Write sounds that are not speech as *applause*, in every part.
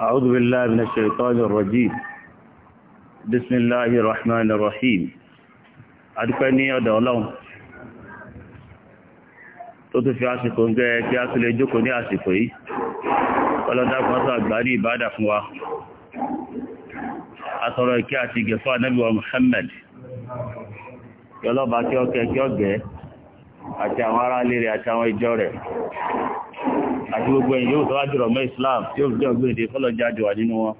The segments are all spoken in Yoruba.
أعوذ بالله من الشيطان الرجيم بسم الله الرحمن الرحيم adúpẹ́ ní ọ̀dọ̀ ọlọ́run tó tún fi àsìkò ń gẹ́ kí a tún lè jókòó ní àsìkò yìí ọlọ́dàkùn tó àgbárí ìbádà fún wa àtọ̀rọ̀ ìkẹ́ àti ìgẹ̀ fún Ànábì wa Muhammad kí ọkẹ́ kí ọgẹ́ àti àwọn ará ilé rẹ̀ àti àwọn ìjọ rẹ̀ àti gbogbo ẹ̀yìn yóò tọ́wájú rọ̀ mọ́ Islam tí ó fi jẹ́ ọgbẹ́ èdè fọ́lọ̀ jáde wà nínú wọn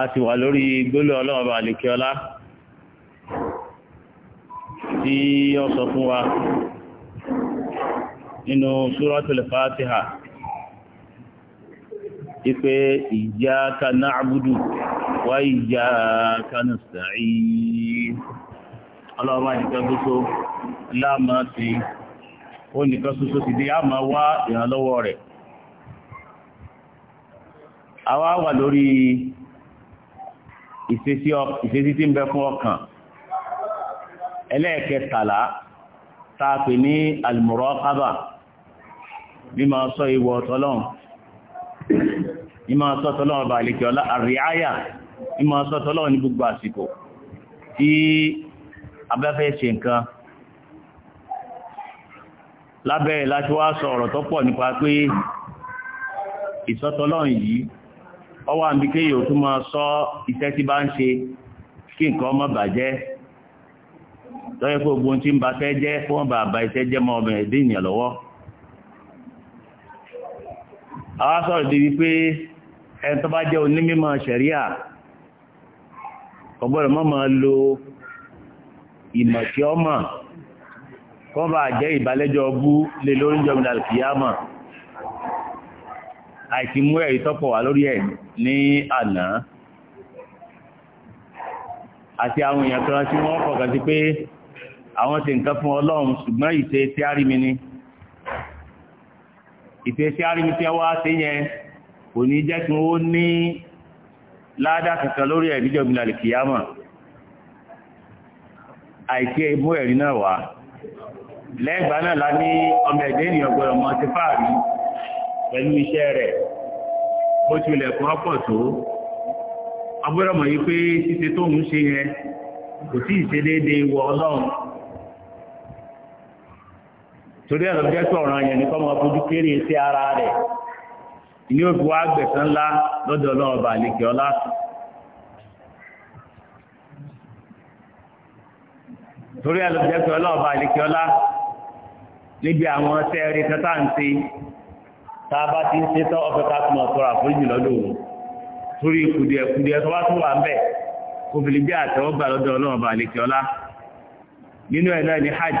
a ti wà lórí gbólú ọlọ́ọ̀bà àlèkíọlá tí ó sọ fún wa nínú Suratul Fatiha ipe iyyaka na'budu wa iyyaka nasta'in ọlọ́run àìkẹ́ gbogbo láàmà sí ó nìkan ṣoṣo ti dé àmà wá ìrànlọ́wọ́ rẹ̀ àwa wà lórí ìfesí tí ń bẹ fún ọkàn ẹlẹ́ẹ̀kẹtàlá tààpì ní al-muraqaba mímọ̀ sọ ìwọ ọ̀tọ́lọ́run mímọ̀ sọ tọ́lọ́run ọba àlekè ọlá àríáyà mímọ̀ sọ tọ́lọ́run ní gbogbo àsìkò tí abẹ́fẹ́ ṣe nǹkan lábẹ́rẹ̀ sọ ọ̀rọ̀ tó pọ̀ nípa pé ìsọtọ́lọ́run yìí ọ wà ń bí kéyìí tún máa sọ iṣẹ́ tí bá ń ṣe kí nǹkan bàjẹ́ ogun tí ń ba fẹ́ jẹ́ kó wọ́n bá iṣẹ́ jẹ́ lọ́wọ́ àwọn sọ̀rọ̀ di wípé ẹni tó bá jẹ́ onímọ̀ ṣẹ̀ríà ọgbọ́dọ̀ mọ́ máa lo ìmọ̀ tí ó mọ̀ kọ́ bá jẹ́ ìbálẹ́jọ́ ọbú lé lórí jọmìnà kìyàmọ̀ àìsí mú ẹ̀rí tọ́pọ̀ wà lórí ẹ̀ ní àná àti àwọn èèyàn kan tí wọ́n kọ̀ọ̀kan sí pé àwọn ti nǹkan fún ọlọ́run ṣùgbọ́n ìṣe tí mi ni ìfèsí a wá sí yẹn kò ní jẹ́ kí wọ́n ní ládàá kankan lórí ẹ̀ níjọ́ ìgbìnà lè kìyàmọ̀ àìsí ẹmú ẹ̀rí náà wá lẹ́gbàá náà la ní ọmọ ẹ̀dẹ́ ènìyàn gbọ́dọ̀ mọ ti fáàrí pẹ̀lú iṣẹ́ rẹ̀ bó tilẹ̀ kọ́ pọ̀ tó ọgbọ́dọ̀ mọ̀ yí pé ṣíṣe tó torí ẹ̀rọ jẹ́ pé ọ̀ràn yẹn ní kọ́mọ fojú kéré sí ara rẹ̀ ní òfin wa gbẹ̀sán ńlá lọ́dọ̀ ọlọ́run ọba àlekè ọlá. torí ẹ̀rọ jẹ́ pé ọlọ́run ọba àlekè ọlá níbi àwọn sẹ́ẹ̀rì tẹ́tà ń ṣe tá a bá ti ń ṣe tán ọ̀fẹ́ ká tún ọ̀tọ́rọ̀ àforíjì lọ́dọ̀ òun torí kùdìẹ̀kùdìẹ̀ tó bá tún wà ń bẹ̀ kò fi lè jẹ́ àtẹ́wọ́gbà lọ́dọ̀ ọlọ́run ọba àlekè ọlá nínú ẹ̀ náà ni hajj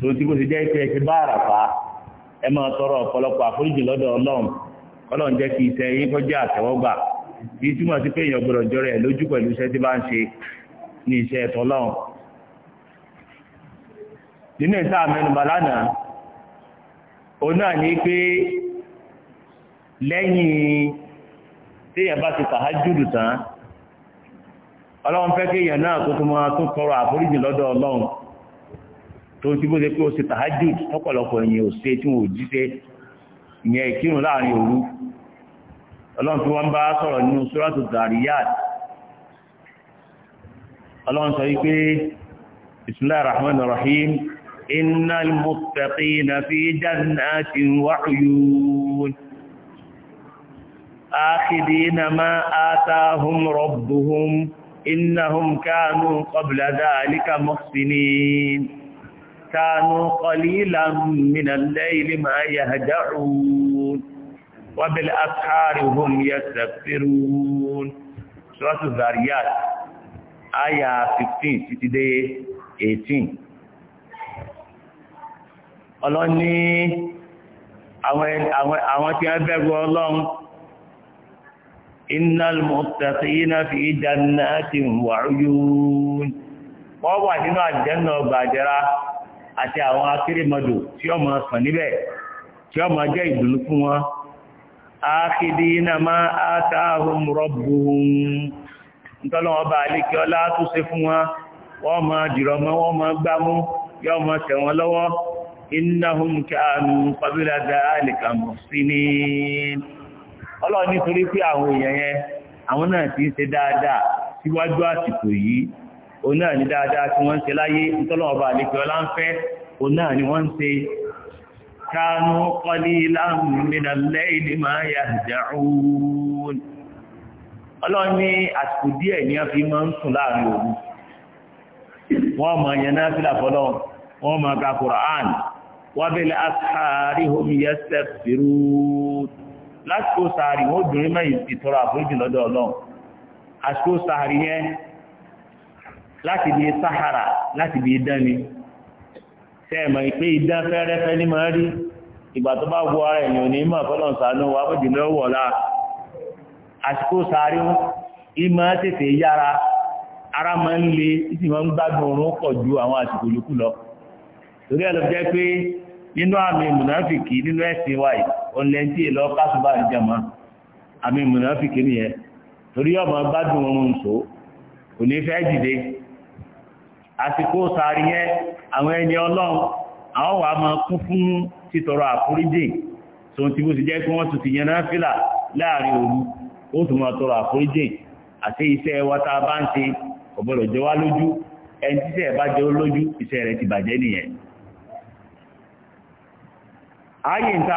tòótí bó ti jẹ́ ìfẹ́ ti bá àràfá tọrọ ọ̀pọ̀lọpọ̀ àforíjì lọ́dọ̀ ọlọ́run ọlọ́run jẹ́ kí iṣẹ́ yín kọjá àtẹ́wọ́gbà í túmọ̀ sí pé èèyàn gbọ́dọ̀ jọrọ ẹ̀ lójú pẹ̀lú iṣẹ́ tí bá ń ṣe ní iṣẹ́ ẹ̀tọ́ nínú ìta lánàá òun náà ní pé lẹ́yìn téèyàn bá ti tán tó ń tí bó ṣe pé ó ṣe tahajjud ọ̀pọ̀lọpọ̀ ẹ̀yìn ò ṣe tí wọn ò jíṣẹ́ ìyẹn ìkírun láàrin òru ọlọ́run tí wọ́n bá sọ̀rọ̀ nínú suratu Zariyat ọlọ́run ما آتاهم ربهم إنهم كانوا قبل ذلك محسنين كانوا قليلا من الليل ما يهجعون وبالأسحار هم يستغفرون سورة الذاريات آية 15 ستدي 18 ọlọ́run ní àwọn tí a bẹ̀rù ọlọ́run innal muttaqina fi jannatin wa uyun wọ́n wà nínú àjẹ́nà ọgbà àjẹ́ra àti àwọn akérèmọdò tí ọmọ sàn níbẹ̀ tí ọmọ jẹ́ ìdùnnú fún wọn ákìdí iná máa átáhùn rọ́bùn nítọ́lọ́wọ́ bá alékẹ́ ọlá tó ṣe fún wọn wọ́n ma ma gbámú yọ́ wọn lọ́wọ́ ináhùn káàmù pàbíládà alìkàmọ̀ sí ti òun náà ní dáadáa tí wọ́n ń ṣe láyé ìtọ́lọ́ọ̀bà àlejò ọlá ń fẹ́ òun náà ni wọ́n ń ṣe kánú kọ́lílá mìíràn lẹ́yìn máa yà jẹun ọlọ́run ní àsìkò díẹ̀ ní a fi omi yẹsẹ̀ fìrú lásìkò sáàrí wọ́n dùn ní mẹ́yìn ìtọ́rọ àforíjì lọ́dọ̀ ọlọ́run àsìkò sáàrí yẹn láti bí sahara láti bí idán ni sẹ́ẹ̀mọ̀ pé idán fẹ́rẹ́fẹ́ ní máa rí ìgbà tó bá wọ ara èèyàn ní mọ̀ fọ́lọ̀n sàánú wa bó jùlọ wọ̀ láà àsìkò sáré ìmọ̀ tètè yára ara máa ń le ìsì máa ń gbádùn oorun pọ̀ ju àwọn àsìkò yòókù lọ torí ẹ̀ ló jẹ́ pé nínú àmì mùnáfìkì nínú ẹ̀sìn wa yìí lọ kásùbà ìjàmá àmì mùnáfìkì nìyẹn torí ọmọ gbádùn oorun kò ní fẹ́ dìde àsìkò sàárì yẹn àwọn ẹni ọlọ́run àwọn wà máa kún fún títọrọ àforíjì tó ti bó ti jẹ́ pé wọ́n tún ti yẹn náà fìlà láàrin òru ó tún máa tọrọ àforíjì àti iṣẹ́ wa tá a bá ń ṣe ọ̀gbọ́dọ̀ jẹ wá lójú ẹni tíṣẹ́ bá jẹ́ lójú iṣẹ́ rẹ̀ ti bàjẹ́ nìyẹn ayé ń ta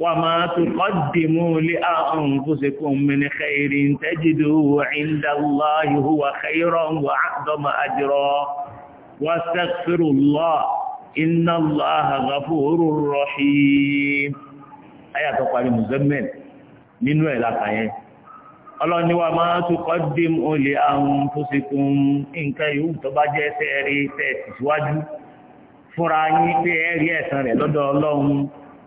وما تقدموا لأنفسكم من خير تجدوه عند الله هو خيرا وأعظم أجرا واستغفروا الله إن الله غفور رحيم آيات قال مزمن من ولا كان ọlọ́ni wa máa tuqaddim olè àwọn fòsìkún nǹkan yóò tó bá jẹ́ tẹ́ẹ̀rí tẹ́ẹ̀sì síwájú fúnra yín tẹ́ẹ̀rí ẹ̀san rẹ̀ lọ́dọ̀ ọlọ́run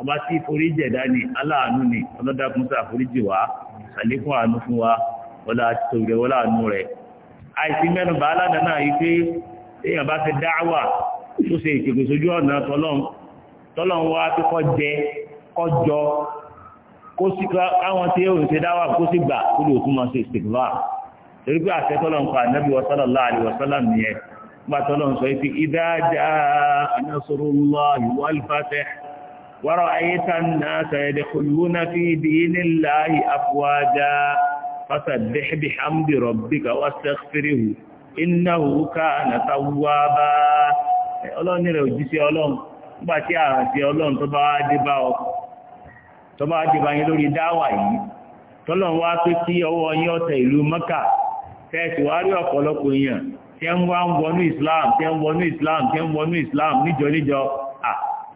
ọba tí forí jẹ̀dá ni aláàánú ni ọlọ́dàkùn ṣàforíjì wá ṣàlékún àánú fún wa wọlá tòrè wọlá àánú rẹ̀ àìsí mẹ́nu bá aládàá náà yìí pé èèyàn bá ti dáwà tó ṣe ìpèkè sójú ọ̀nà tọ́lọ́n wá tó kọ́ jẹ kọ́ jọ kó sí káwọn tí ó ń ṣe dáwà kó sì gbà kó lè tún máa ṣe ìpèkè torí pé àṣẹ tọ́lọ́n pa ànábì sallallahu alaihi wasallam nìyẹn gbà tọ́lọ́n sọ pé idha jaa nasrullahi wal fath ورأيت الناس يدخلون في دين الله أفواجا فسبح بحمد ربك واستغفره إنه كان توابا Ọlọ́run ní rẹ̀ òjíṣẹ́ Ọlọ́run nígbà tí àrùn sí Ọlọ́run tó bá dé bá ọ tó bá dé bá yín lórí dáwà yìí tọ́lọ́run wá pé kí ọwọ́ yín ọ̀tẹ̀ ìlú Mẹ́kà tẹ́ẹ̀sì wá rí Islam Islam Islam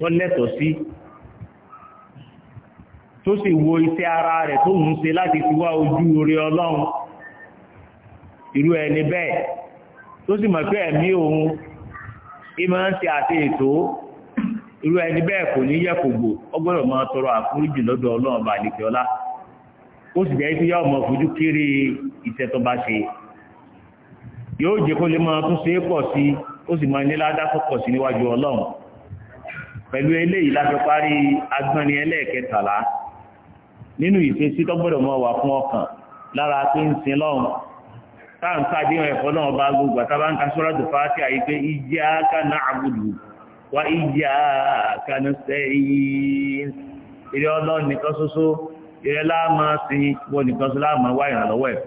tó lẹ́tọ̀ sí tó sì wo iṣẹ́ ara rẹ̀ tó ń ṣe láti fi wá ojú orí ọlọ́run irú ẹni bẹ́ẹ̀ tó sì mọ̀ pé ẹ̀mí òun ìmọ̀ ń ṣe àti ètò irú ẹni bẹ́ẹ̀ kò ní yẹ kò gbò ọgbọ́dọ̀ máa tọrọ àforíjì lọ́dọ̀ ọlọ́run bá nìkẹ́ ọlá ó sì jẹ́ pé yọ ọmọ máa tún ṣe sí níwájú ọlọ́run pẹ̀lú eléyìí láti parí agbọ́nni ẹlẹ́ẹ̀kẹtàlá nínú ìfesí tó gbọ́dọ̀ mọ́ wà fún ọkàn lára pé ń sin lọ́hùn táǹkà dín ẹ̀fọ́ náà bá gbogbo àtàbá ń ka Suratul Fatiha yìí pé iyyaka na'budu wa iyyaka nasta'in ìrẹ́ ọlọ́run nìkan ṣoṣo ìrẹ́ láàmà sí wọ́n nìkan ṣoṣo láàmà wá ìrànlọ́wọ́ ẹ̀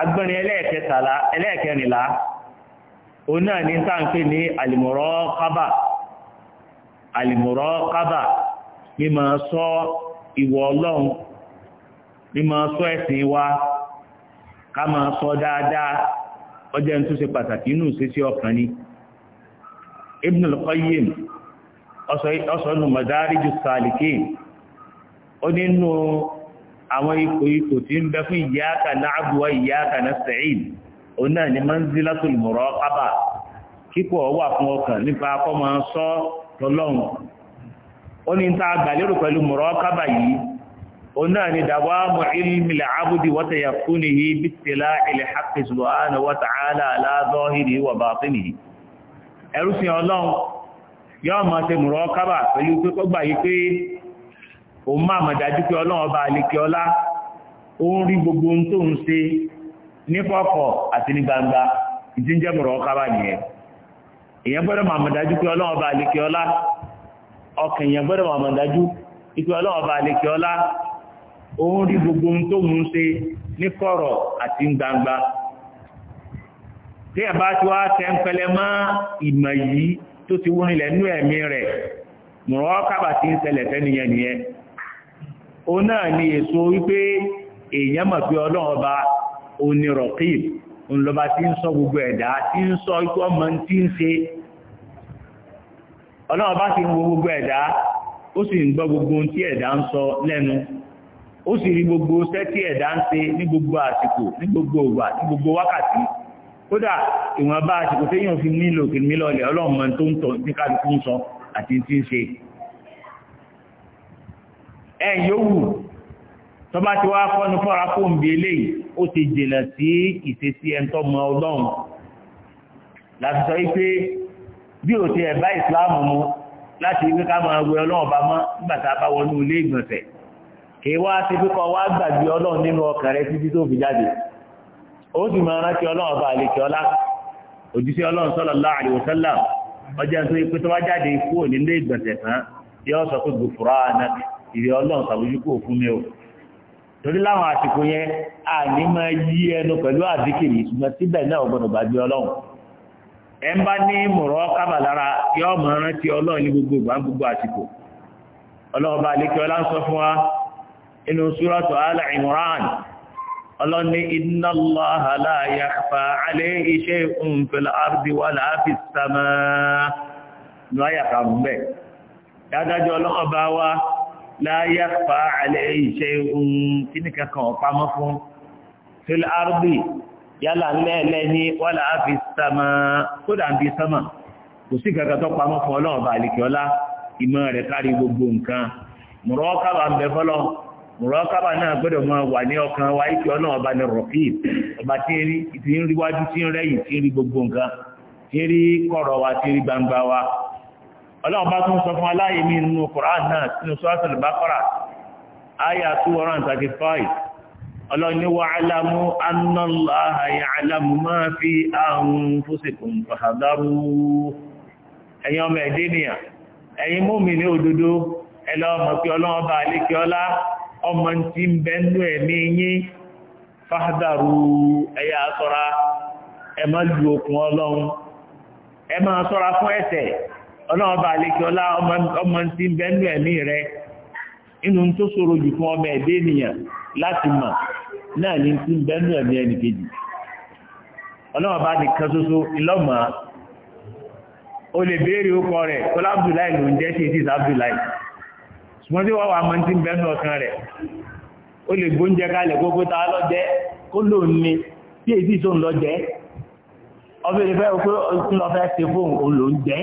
agbọ́nni ẹlẹ́ẹ̀kẹrìnlá òun náà ní táǹkì ní al-muraqaba àlìmùráqàbà ní máa sọ ìwọ ọlọ́run ní sọ ẹ̀sìn wa ká máa sọ dáadáa ọjọ́ tó ṣe pàtàkì inú ìṣesí ọkàn Ibn al-Qayyim ọ̀sọ̀nù Madariju Salikin ó nínú àwọn ipò ipò tí ń bẹ fún lọ́lọ́run ó ní ta àgbàlérò pẹ̀lú mùrákábà yìí ó náà ni dawamu ilmi al-abdi wa tayaqqunihi bi ala zahirihi wa batinihi ẹrúsìn ọlọ́run yóò máa ṣe mùrákábà pẹ̀lú pé yìí pé ọlọ́run èyàn gbọ́dọ̀ ma mọ̀dájú pé ọlọ́run ọba àlekè ọlá ọkàn èyàn gbọ́dọ̀ máa mọ̀dájú pé ọlá rí gbogbo ohun tó mú ṣe ní kọ̀rọ̀ àti gbangba tí bá ti wá mọ́ ìmọ̀ yìí tó ti ẹ̀mí rẹ̀ mọ̀rọ̀ ńlọba tí ń sọ gbogbo ẹ̀dá tí ń sọ ikú ọmọ tí ń ṣe ọlọ́wọ́ bá ti ń wo gbogbo ẹ̀dá ó sì ń gbọ́ gbogbo ohun tí ẹ̀dá ń sọ lẹ́nu ó sì rí gbogbo iṣẹ́ tí ẹ̀dá ń ṣe ní gbogbo àsìkò ní gbogbo ògbà ní gbogbo wákàtí kódà ìwọ̀nba àsìkò téèyàn fi nílò kìnnìmílọ̀ ilẹ̀ ọlọ́run mọ tó ń tọ̀ ní kálukú ń sọ àti tí ń ṣe ẹ̀yìn yóò wù tọba ti wá fọ́nu fọ́ra kó ń bi eléyìí ó ti jìnà sí ìṣesí ẹ̀ńtọ́ mọ ọlọ́run láti sọ wípé bí o ti ẹ̀bá ìsìláàmù mu láti wípé ká máa wẹ ọlọ́run bá mọ́ nígbà tá a bá wọnú ilé ìgbọ̀nsẹ̀ kì í wá ti fi kọ́ wá gbàgbé ọlọ́run nínú ọkàn rẹ títí tó fi jáde ó sì máa rántí ọlọ́run bá àlejò ọlá òjíṣẹ́ ọlọ́run sallallahu alaihi wasallam ọjà tó yẹ pé tó bá jáde kúrò nílé ìgbọ̀nsẹ̀ tán yóò sọ pé gbòfúrà náà ìrẹ̀ ọlọ́run tàbí kò fún mi o torí láwọn àsìkò yẹn àní máa yí ẹnu pẹ̀lú àdíkìrì ṣùgbọ́n síbẹ̀ náà gbọ́dọ̀ bá gbé ọlọ́run ẹ ń bá ní mọ̀rọ̀ kábà lára yọ ọmọ rántí ọlọ́run ní gbogbo ìgbà gbogbo àsìkò ọlọ́run bá lékè ọlá ń sọ fún wa inú súrọ́tù Ala Imran ọlọ́run ní inna Allaha la yakhfa alayhi shay'un fil ardi wala fis samaa láyá fa alẹ́ iṣẹ́ ohun kíníkà kan ọ̀pamọ́ fún fil ardi yálà lẹ́ẹ̀lẹ́ ní wàlà áfi sàmà kódà ń bi sàmà kò sí kankan tó pamọ́ fún ọlọ́run bá àlìkẹ́ ọlá ìmọ̀ rẹ̀ kárí gbogbo nǹkan mùrọ́kábà ń bẹ fọ́lọ́ mùrọ́kábà náà gbọ́dọ̀ máa wà ní ọkàn wa ìkẹ́ ọlọ́run ní rọ̀kì ọba tí ń rí tí ń rí wájú tí ń rẹ́yìn tí ń rí gbogbo nǹkan tí ń rí kọ̀rọ̀ wa tí ń rí gbangba wa ọlọ́run bá tún sọ fún aláyé ní inú Kùránì náà sínú Suratul Baqara ayà 235 ọlọ́run ní wa'lamu anna Allaha ya'lamu ma fi anfusikum fahadharu ẹ̀yin ọmọ ẹ̀dẹ́ nìyà ẹ̀yin mọ́mí ní òdodo ẹlọ́mọ̀ pé ọlọ́run bá alékẹ́ ọlá ọmọ tí ń bẹ ọlọ́run ẹ sọ́ra fún ẹ̀ṣẹ̀ ọlọ́ọ̀bá àlekíọ́lá ọmọ tí ń bẹ́nu ẹ̀mí rẹ inú tó ṣòro jù fún ọmọ ẹ̀dẹ́ ènìyàn láti mọ̀ náà ní tí ń bẹ́nu ẹ̀mí ẹnì kejì ọlọ́ọ̀bá nìkan ṣoṣo ńlọ́mọ̀ o lè béèrè ókọ rẹ̀ kọ́lá Abdullahi ló ń jẹ́ sí ìsís Abdullahi ṣùgbọ́n tí wọ́n wà mọ́ tí ń bẹ́nu ọkàn rẹ̀ o lè gbóúnjẹ kalẹ̀ gbogbo ta lọ́jẹ́ kó lóun ni tí èyí sì tó ń lọ jẹ́ ọbẹ̀ ìfẹ́ òkú lọ fẹ́ ṣe fóun òun ló ń jẹ́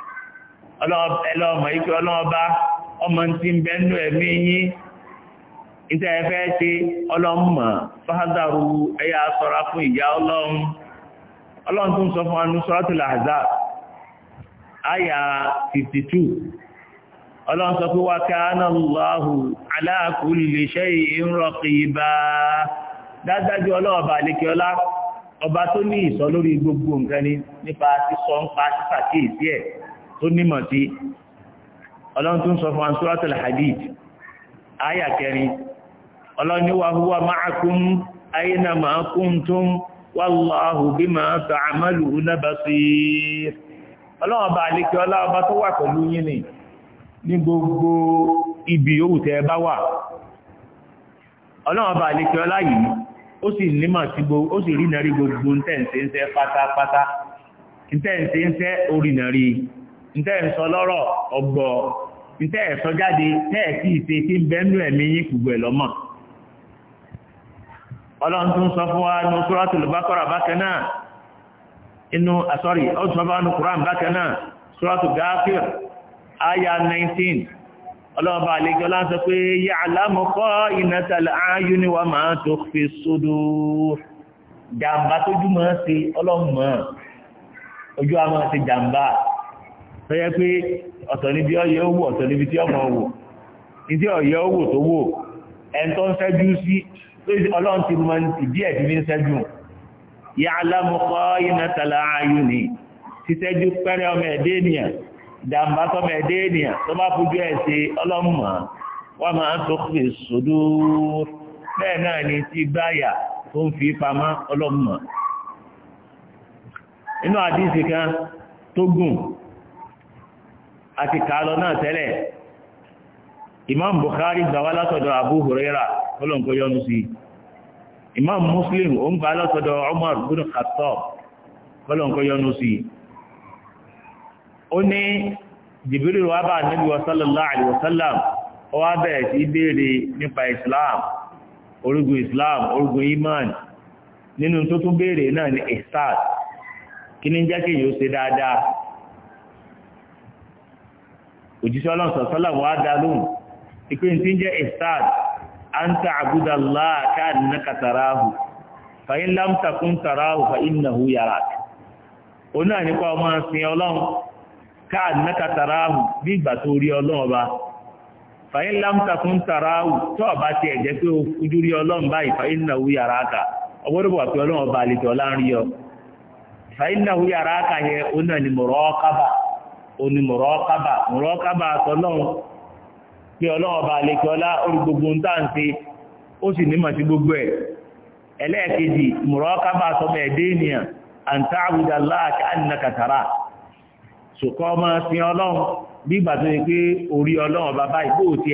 ẹlọ́ọ̀mọ̀ ikú ọlọ́ọ̀bá ọmọ tí ń bẹ́ nú ẹ̀mí yín ìtẹ́ ẹfẹ́ ṣe ọlọ́mọ̀ fáhádàrú ẹyà sọ́ra fún ìyá ọlọ́run ọlọ́run tún sọ fún anú 52 ọba tó ní ìsọ gbogbo nǹkan ni nípa sísọ ń pa tó nímọ̀ sí ọlọ́run tó ń sọ fún wa suratul hadid àyà kẹrin ọlọ́run ní wa huwa ma kuntum wallahu bima ni gbogbo ibi ó sì nímọ̀ sí gbogbo ó sì rí nàrí gbogbo ń sẹ́ pátápátá ń sẹ́ orí nàrí ntẹ́ ń sọ lọ́rọ̀ ọgbọ̀ ntẹ́ ẹ̀ sọ jáde tẹ́ ẹ̀ sí ìṣe tí ń bẹ́nu ẹ̀mí yín kùgbù ẹ̀ lọ́mọ̀ ọlọ́run tún sọ fún wa ní Suratul Baqara ah, sọ fún wa ní Qur'an bákan náà Suratul Ghafir aya 19 ọlọ́run bá àlejò láń sọ pé ya'lamu kha'inatal a'yuni wa ma tukhfi sudur jàǹbá tójú ọlọ́run mọ́ ojú àwọn ti jàǹbá tó yẹ pé ọ̀tọ̀ níbi ọyẹ owó ọ̀tọ̀ níbi tí ọmọ wò ìdí ọ̀yẹ owó tó wò ẹn tó ń ṣẹ́jú sí ọlọ́run ti mọ ìdí ẹ̀ tí mi yà á lámùkọ́ iná tala ayú ni ṣíṣẹ́jú pẹ́rẹ́ ọmọ ẹ̀dẹ́ ènìyàn ìdàmbá sọmọ ẹ̀dẹ́ ènìyàn tó bá fojú ẹ̀ ṣe ọlọ́mọ wọ́n máa tó fi sòdó bẹ́ẹ̀ náà ni ti gbáyà tó ń fi pamọ́ ọlọ́mọ inú àdíṣe kan tó gùn àti kààlọ náà tẹ́lẹ̀ imam bukhari gbà wá látọ̀dọ̀ abu huraira ọlọ́nkọ yọ́nú sí imam muslim ó ń gbà látọ̀dọ̀ umar bin khattab ọlọ́nkọ yọ́nú sí ó ní jibril wá bá nabi wa sallallahu alaihi wasallam ó wá bẹ̀rẹ̀ sí béèrè nípa òjíṣẹ́ ọlọ́sọ̀ sọ́là wà á dá lóhùn ìpé ní ti ń jẹ́ ìsáàd anta abudulayi káàdínàkà tàràhù fàyín lámtàkùn tàràhù tó rí ọba ti ẹ̀jẹ̀ pé ojú rí ọlọ́run báyìí fàyín nàhù yàrá kà ọlọ́run ọba fàyín yẹ ni oní mọ̀rọ́kábà mọ̀rọ́kábà àtọ́lọ́run pé ọlọ́run bá lè kíọ́lá orí gbogbo ń tà ń ṣe ó sì nímọ̀ sí gbogbo ẹ̀ ẹlẹ́ẹ̀kejì mọ̀rọ́kábà sọmọ ẹ̀dẹ́ ènìyàn àǹtá àbúdà láàkà ànàkàtàrà ṣùkọ́ ọmọ sí ọlọ́run bí ìgbà tó yẹ pé orí ọlọ́run bàbá ìgbó ní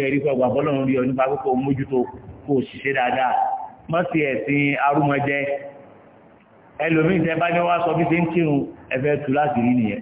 wá sọ bí ṣe ń kírun ẹ̀fẹ́ tù láti rí nìyẹn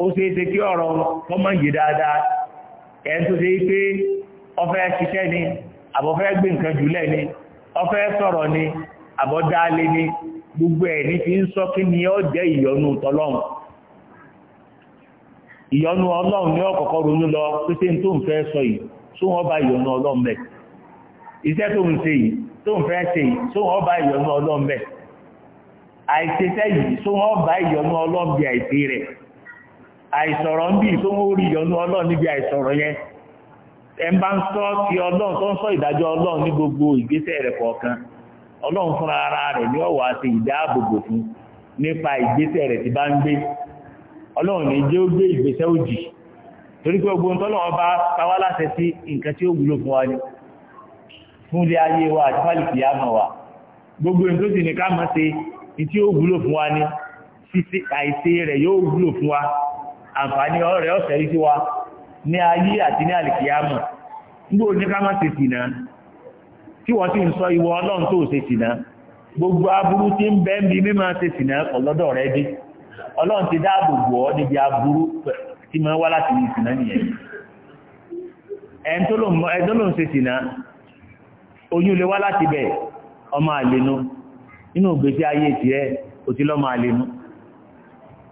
ó ṣe é ṣe kí ọ̀rọ̀ ọmọ yìí dáadáa ẹni tó ṣe pé ọfẹ́ ṣiṣẹ́ ni àbọ̀fẹ́ gbé nǹkan ni ọfẹ́ sọ̀rọ̀ ni gbogbo ẹ̀ fi ń sọ kí ni jẹ́ ìyọnu tọlọ́run ìyọnu ọlọ́run ní ọ̀kọ̀kọ́ ronú lọ tó ń fẹ́ sọ yìí tó wọ́n bá ìyọnu ọlọ́run bẹ̀ iṣẹ́ tó ń ṣe yìí tó ń fẹ́ ṣe yìí tó wọ́n bá ìyọnu ọlọ́run bẹ̀ àìṣeṣẹ́ àìsọ̀rọ̀ ń bí tó ń rí ìyọnú ọlọ́run níbi àìsọ̀rọ̀ yẹn ẹ bá ń sọ ti ọlọ́run tó ń sọ ìdájọ́ ọlọ́run ní gbogbo ìgbésẹ̀ rẹ̀ kọ̀ọ̀kan ọlọ́run fúnra ara fún nípa ìgbésẹ̀ rẹ̀ ti bá ń gbé ọlọ́run ní jẹ́ ó gbé ìgbésẹ̀ òjì torí pé bá pawá fún wa ni fún ilé ayé wa wa gbogbo ohun tó sì ní ká mọ̀ ṣe tí fún wa ni rẹ̀ yóò wúlò àǹfààní ọ̀rẹ́ ọ̀sẹ̀ rí sí wa ní ayé àti ní àlìkìyàmù nígbò ní ká má ṣe sìnà tí wọ́n ti ń sọ ìwọ ọlọ́run tó ṣe gbogbo aburú ti ń bẹ́ ń mímọ́ ṣe sìnà ọlọ́dọ̀ rẹ dé ọlọ́run ti dáàbò ọ́ níbi aburú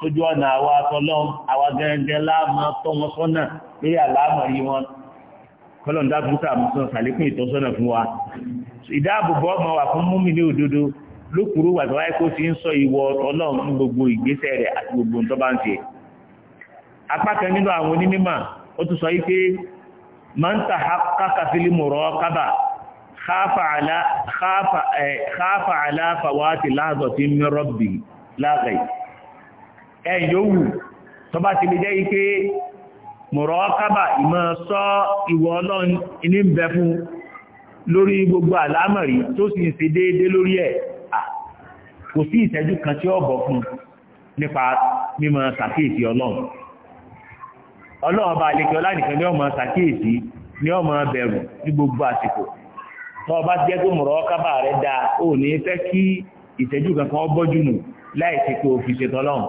sójú ọ̀nà àwa atọ́lọ́m àwa gẹ́gẹ́ láàmà tọ́ wọn sọ́nà lórí àlámọ̀ yìí wọn kọ́lọ̀ndà búrúkà àmúsọ sàlékún ìtọ́sọ́nà fún wa ìdáàbòbò ọmọ wà fún múmi ní òdodo lókùrú wà tọ́wáyé kó ti ń sọ ìwọ ọlọ́run fún gbogbo ìgbésẹ̀ rẹ̀ àti gbogbo nǹkan bá ń ṣe apá kan nínú àwọn onímọ̀ ẹ̀yọ́wù tó bá ti lè jẹ́ ipé mọ̀rọ̀ kábà ìmọ̀ sọ ìwọ̀ ọlọ́run iní ń bẹ fún lórí gbogbo àlámọ̀rí tó sì ń ṣe déédé lórí ẹ̀ kò sí ìṣẹ́jú kan tí ó bọ̀ fún nípa mímọ̀ sàkíyèsí ọlọ́run ọlọ́run bá àlejò ọlánìkan ní ọmọ sàkíyèsí ní ọmọ bẹ̀rù ní gbogbo àsìkò tó ọba ṣe pé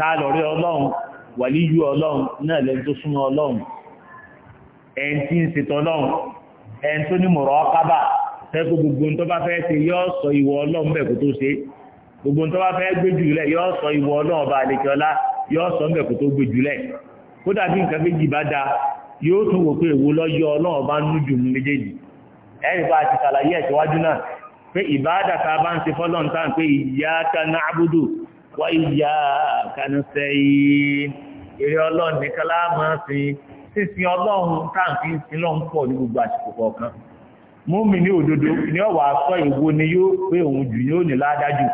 ta lọ̀rẹ́ ọlọ́run wàlíyú ọlọ́run náà lẹ́ni tó súnmọ́ ọlọ́run ẹn tí ń ọlọ́run ẹn tó ní mọ̀rọ̀ gbogbo tó bá fẹ́ sọ ọlọ́run tó gbogbo tó bá fẹ́ gbé jùlẹ̀ yọ́ sọ ọlọ́run ọba yọ́ sọ tó gbé jùlẹ̀ nǹkan méjì bá da yóò tún wò pé èwo ọlọ́run bá nú jù méjèèjì bá ti náà pé ìbáàdà ta ṣe fọ́lọ́ntàn pé wá ìyá kanúsẹ́yìn eré ọlọ́run nìkan láàmú sí sísìn ọlọ́run táǹkì sílọ́n pọ̀ ní gbogbo àsìkò kọ̀ọ̀kan múmi ní òdodo ní ọ̀wà sọ ìwo ni yóò pé òun jù yóò ní ládájú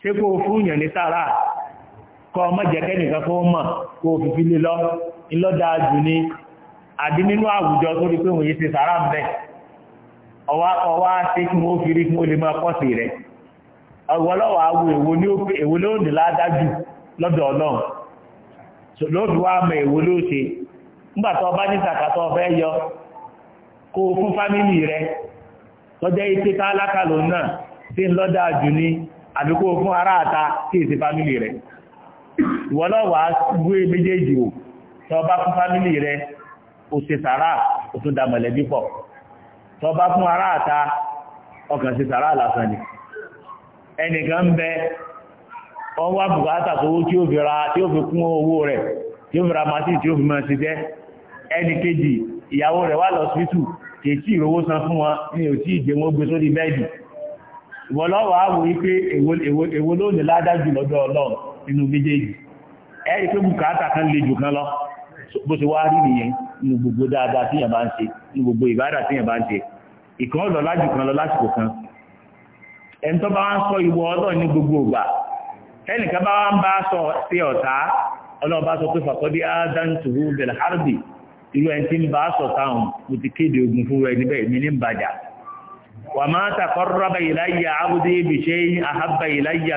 ṣé kó o fún yàn ní sára kọ ọmọ jẹ́kẹ́ nìkan kó mọ̀ kó o fìfí lé lọ ńlọ́dájú ni àbí nínú àwùjọ tó rí pé òun yìí ti sára ń bẹ̀ ọwá ṣe kí wọ́n fi rí kí wọ́n lè máa pọ̀ sí rẹ̀ Ọwụwa awo èwo ní ó pé èwo ló ní ládájú lọ́dọ̀ ọlọ́run lóòdù wá mọ èwo ló ṣe yọ kó fún rẹ lọ́jọ́ ike tá náà tí ń lọ́dà jù ní àdúgbò fún aráàta kí èsì rẹ gbé méjèèjì bá fún rẹ sàrà pọ̀ bá fún aráàta ọkàn sàrà lásán ni. ẹnìkan ń bẹ wọ́n wá bùkátà sówó tí ó fi ra tí ó fi kún owó rẹ̀ tí ó fi ra màtí tí ó fi mọ̀ sí jẹ́ ẹnì kejì ìyàwó rẹ̀ wà lọ síìtù kì í tí ìrówó san fún wọn ní òtí ìgbé wọn gbé sórí bẹ́ẹ̀dì ìwọlọ́wọ́ àwò wípé èwo ló ní ládájú lọ́dọ̀ ọlọ́run nínú méjèèjì ẹ̀rí pé bùkátà ẹni tó bá wá ń sọ ìwọ ọlọ́ ní gbogbo ìgbà ẹnìkan bá wá ń bá sọ sí ọ̀tá ọlọ́ọ̀bá sọ pé fàkọ́dí ádántùrú bẹ̀rẹ̀ harbi irú ẹni tí ń bá sọ táwọn mo ti kéde ogun fún rẹ níbẹ̀ èmi ní bàjá wà máa taqarraba ilayya abdi bi shay'in ahabba ilayya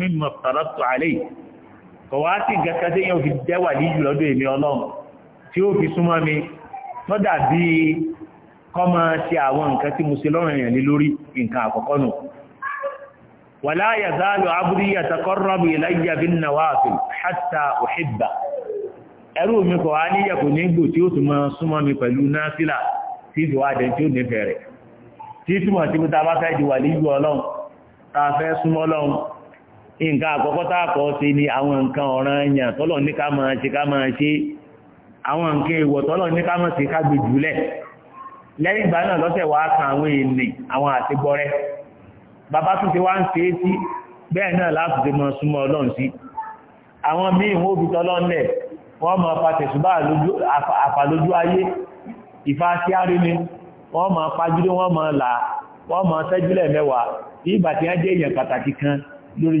mimma aftaratu alayhi kọ̀ wá sí gẹ́gẹ́ yóò fi jẹ́wà níjù lọ́dọ̀ èmi ọlọ́run tí ó fi súnmọ́ mi lọ́dà bíi kọ́ máa ṣe àwọn nǹkan tí mo ṣe lọ́rùn èèyàn lé lórí nǹkan àkọ́kọ́ nù wàlá yazalu abdi yataqarrabu ilayya bin nawafil hatta uhibba ẹrú mi kọ̀ wá níyà kò ní gbò tí ó tún máa súnmọ́ mi pẹ̀lú náfìlà tí ìfẹ́ wá dẹ̀ tí ó nífẹ̀ẹ́ rẹ̀ tí túmọ̀ tí mo ta bá fẹ́ di lẹ́yìn ìgbà náà lọ́sẹ̀ wá kan àwọn èèyàn àwọn àtigbọ́rẹ́ bàbá tún ti wá ń bẹ́ẹ̀ náà láti ti mọ súnmọ́ ọlọ́run sí àwọn míì wọ́n fi wọ́n mọ pàtẹ̀sùbá àfàlójú ayé ni wọ́n wọ́n wọ́n pàtàkì lórí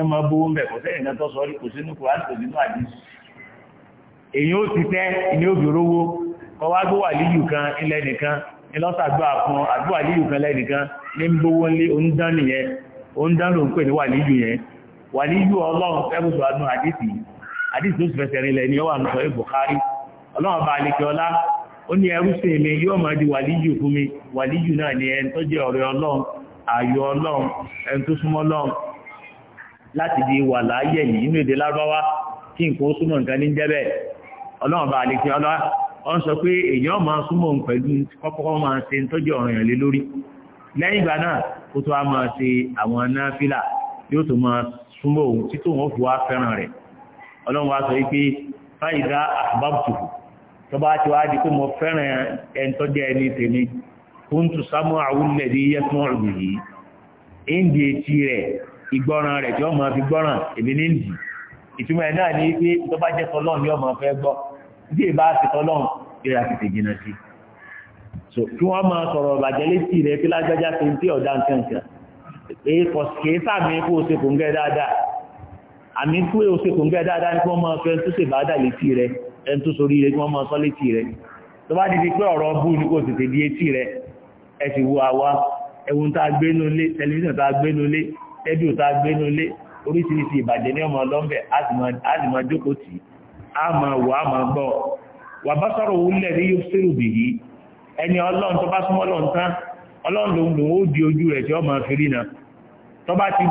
ẹ máa bówó ń bẹ̀ kọ́ sẹ́yìn náà tó sọ rí kò sínú kò á tò nínú àdìsí èyí ó ti tẹ́ ilé obìnrin owó kọ́ wá gbówà líyù kan ilẹ̀ nìkan ìlọ́sàdúrà kan àdúrà líyù kan lẹ́nìkan ní ń gbówó ńlé oúnjẹ nìyẹn oúnjẹ ló ń pè ní wà líyù yẹn wà líyù ọlọ́run fẹ́bùsù adùn àdìsí àdìsí tó fẹsẹ̀ rinlẹ̀ ni ó wà nùsọ̀ Bukhari ọlọ́run bá alẹ́kẹ́ ọlá ó ní ẹrú sí mi yóò máa di wà líyù fún mi wà líyù náà ni ẹni tó jẹ́ ọ̀rẹ́ ọlọ́run ààyò ọlọ́run ẹni tó súnmọ́ ọlọ́run láti di wà láàyè yìí inú èdè lárúbáwá kí nǹkan ó súnmọ́ nǹkan ní jẹ́bẹ̀ ọlọ́run bá lè fi ọlá wọ́n sọ pé èèyàn máa súnmọ́ òun pẹ̀lú kọ́kọ́kọ́ máa ṣe ń tọ́jú ọ̀ràn yàn lé lórí lẹ́yìn ìgbà náà ó tó a máa ṣe àwọn náfìlà yóò tó máa súnmọ́ òun tí tó wọ́n fi fẹ́ràn rẹ̀ ọlọ́run wá sọ wípé fáìdá àbábùtùkù tó bá ti wá di pé mo fẹ́ràn ẹni tọ́jú ẹni tèmi kó ń tù ìgbọ́ràn rẹ̀ tí ó máa fi gbọ́ràn èmi ní ìdì ìtumọ̀ ẹ̀ náà ní pé tó bá jẹ́ tọlọ́run ni ó máa fẹ́ gbọ́ bí ì bá ti tọlọ́run eré àtìtì jìnnà sí i kí wọ́n máa sọ̀rọ̀ bàjẹ́ létí rẹ̀ kí lágbájá ṣe ń tí ọ̀dà nǹkan kan èèkọ̀ kìí sàmì kó o ṣe kò ń gẹ́ dáadáa àmì kó o ṣe kò ń gẹ́ dáadáa ni kí wọ́n máa sọ tó ṣe bá dà létí rẹ̀ ẹni tó sorí rẹ̀ kí wọ́n máa sọ létí rẹ̀ tó bá dìde pé ọ̀rọ̀ bú ni kò tètè di etí rẹ̀ ẹ sì wo àwa ẹ̀wọ̀n tẹ́bí òta gbénú lé oríṣiríṣi ìbàjẹ́ ní ọmọ ọlọ́mbẹ̀ àdìmọ̀ jókòtì àmọ̀ wò àmọ̀ gbọ́ wà bá sọ̀rọ̀ òun lẹ̀ ní yóò sẹ́rù bì yìí ẹni ọlọ́run tó bá súnmọ́ ọlọ́run tán ọlọ́run lòun lòun ó di ojú rẹ̀ tí ọmọ fìrí náà tó bá ti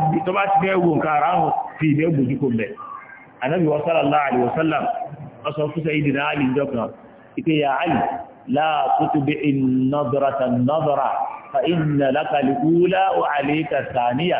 fẹ́ wo nǹkan ara hàn fi ìdẹ́ gbòjú kò bẹ̀ anábì wọ́n sálà fa ìnà lákàlì kúlá ò àlè kà sàníyà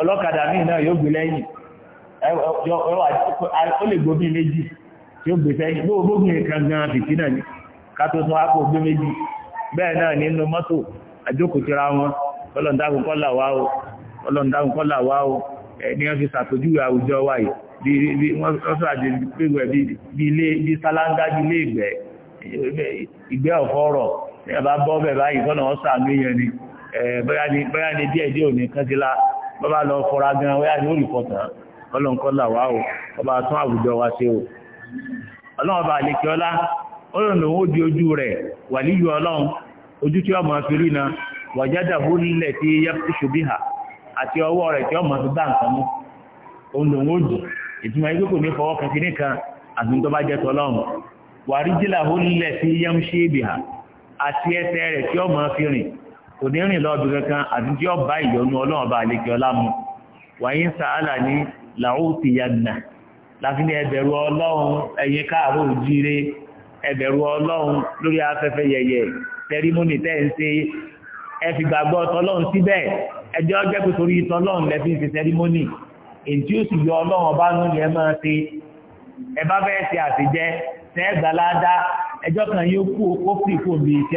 ọlọ́kadà míì náà yóò gbé lẹ́yìn ó lè gbóbi méjì tí ó gbé sẹ́yìn bó gbógun nǹkan gan fìtí náà ni ká tó tún ápò gbé méjì bẹ́ẹ̀ náà nínú mọ́tò àjókòtìra wọn ọlọ́ndágun kọ́là wá o ọlọ́ndágun kọ́là wá o ẹni wọ́n fi ṣàpèjúwe àwùjọ wa yìí bí wọ́n sọ àjẹ́ pẹ̀lú ẹ̀ bí ilé bí sálángá bí ilé ni bóyá ni díẹ̀ díẹ̀ òní kan ti la bàbá lọ gan wá o ọba tún àwùjọ o ọlọ́run bá àlekí ọlá ọlọ́run lòun ó di ojú rẹ̀ wà níyù ọlọ́run ojú tí ọmọ fi rí na tí yẹ́pùsù bí hà àti ọwọ́ rẹ̀ tí ọmọ fi bá nǹkan mú lòun ó dì ìtumọ̀ kò ní fọwọ́ kan àti bá wà rí jìlà tí bí hà àti ẹsẹ̀ rẹ̀ kò ní rìn lọ́ọ̀bì kankan àti tí ó bá ìyọnu ọlọ́run bá lè kí ọlá mu wàyí ń sàálà ní làóòtì yànnà láti ní ẹbẹ̀rù ọlọ́run ẹ̀yin káàró òjíire ẹbẹ̀rù ọlọ́run lórí afẹ́fẹ́ yẹyẹ tẹrímúnì tẹ́ ń ṣe ẹ fi gbàgbọ́ tọlọ́run síbẹ̀ ẹjọ́ jẹ́ pé torí tọlọ́run lẹ́fi ń ṣe tẹrímúnì èyí tí ó sì yọ ọlọ́run ọba nù ni máa ṣe ẹ bá fẹ́ ṣe àtijẹ́ tẹ́ gbàládá ẹjọ́ kan yóò kú ó fi kò mí ti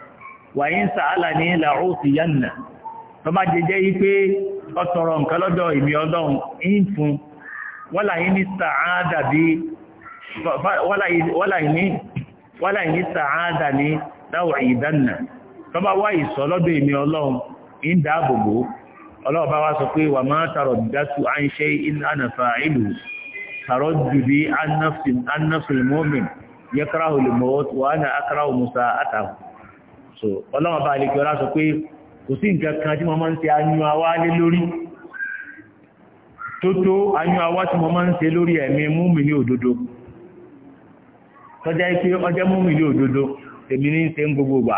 wàyí ń sàálà ní làóòsì yánà tó bá jẹjẹ́ yí pé ọ̀tọ̀rọ̀ nǹkan lọ́dọ̀ ìmì ọlọ́run ń fún wọ́là yìí ní sàádà bí wọ́là yìí ní sàádà ní láwọ̀ ìdánà tó bá wá ìsọ lọ́dọ̀ ìmì ọlọ́run ń dáàbòbò ọlọ́ọ̀bá wá sọ pé wà máa tàrọ̀ dátú à ń ṣe so ọlọ́wọ́n bá sọ pé kò sí nǹkan kan tí mo máa ń ṣe anyún awá lé lórí tó tó anyún awá tí mo máa ń ṣe lórí ẹ̀mí múmi ní òdodo tọ́já mụmụ ọjọ́ múmi ní òdodo tèmi ní ṣe ń gbogbo gbà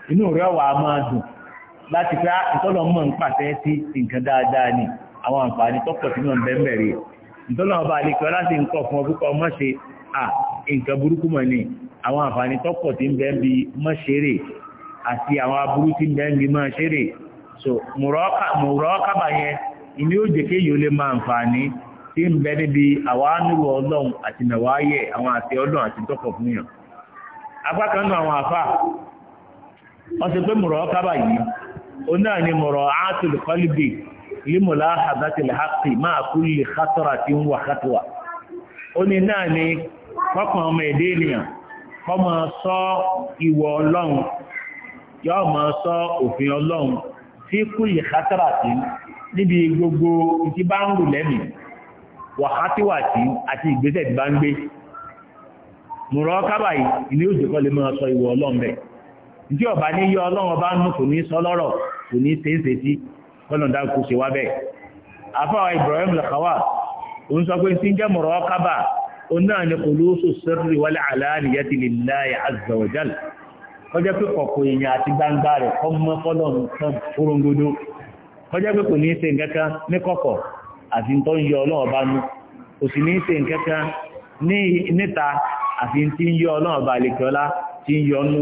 inú rẹ̀ wà á máa dùn láti pé ah, ìtọ́lọ̀ mọ̀ ń pàṣẹ sí nǹkan dáadáa ni àwọn àǹfààní tọ́pọ̀ sínú ọ̀bẹ̀mẹ̀rẹ̀ ìtọ́lọ̀ ọba àlekọ́ láti ń kọ̀ fún ọdúnkọ mọ́ṣe à nǹkan burúkú mọ̀ ni àwọn àǹfààní tọ́pọ̀ tí ń bẹ́ẹ̀ bí mọ́ṣeré àti àwọn aburú tí ń bẹ́ẹ̀ bí so mùrọ́ kábà yẹn ìní ó jẹ́ ihe lè máa àǹfààní tí ń ọlọ́run àti wọ́n ti pé mọ̀rọ̀ kábà yìí ó náà ni mọ̀rọ̀ áàtùlù kọ́lìbì límùlá àbátìlẹ̀ hàpì máa kú lè kátọ́ra tí ń wà kátọ́wà ó ní náà ni kọ́kàn ọmọ èdè ènìyàn kọ́ máa sọ ìwọ̀ ọlọ́run yọ́ máa sọ òfin ọlọ́run tí kú lè kátọ́ra tí níbi gbogbo ìtí bá ń rù lẹ́mì wàhátìwà tí àti ìgbésẹ̀ tí bá ń gbé mọ̀rọ̀ kábà yìí ni ó lè máa sọ ìwọ̀ ọlọ́run bẹ́ẹ̀ tí ọba ní yọ ọlọ́run ọba nù kò ní sọ lọ́rọ̀ kò ní ṣe é ṣe sí ọlọ́run dákú ṣe wá bẹ́ẹ̀ afáwa Ibrahim lakawa òun sọ pé tí ń jẹ́ mọ̀rọ̀ òun náà ni kò lóṣù sirri wal alaniyati lillahi azza wa jal kọjá pé kọ̀kọ̀ èèyàn àti gbangba rẹ̀ kọ́ mọ́ fọ́lọ́run kan fúrungudu kọjá pé kò ní ṣe nǹkan kan ní kọ̀kọ̀ àti tó ń yọ ọlọ́run ọba nù nù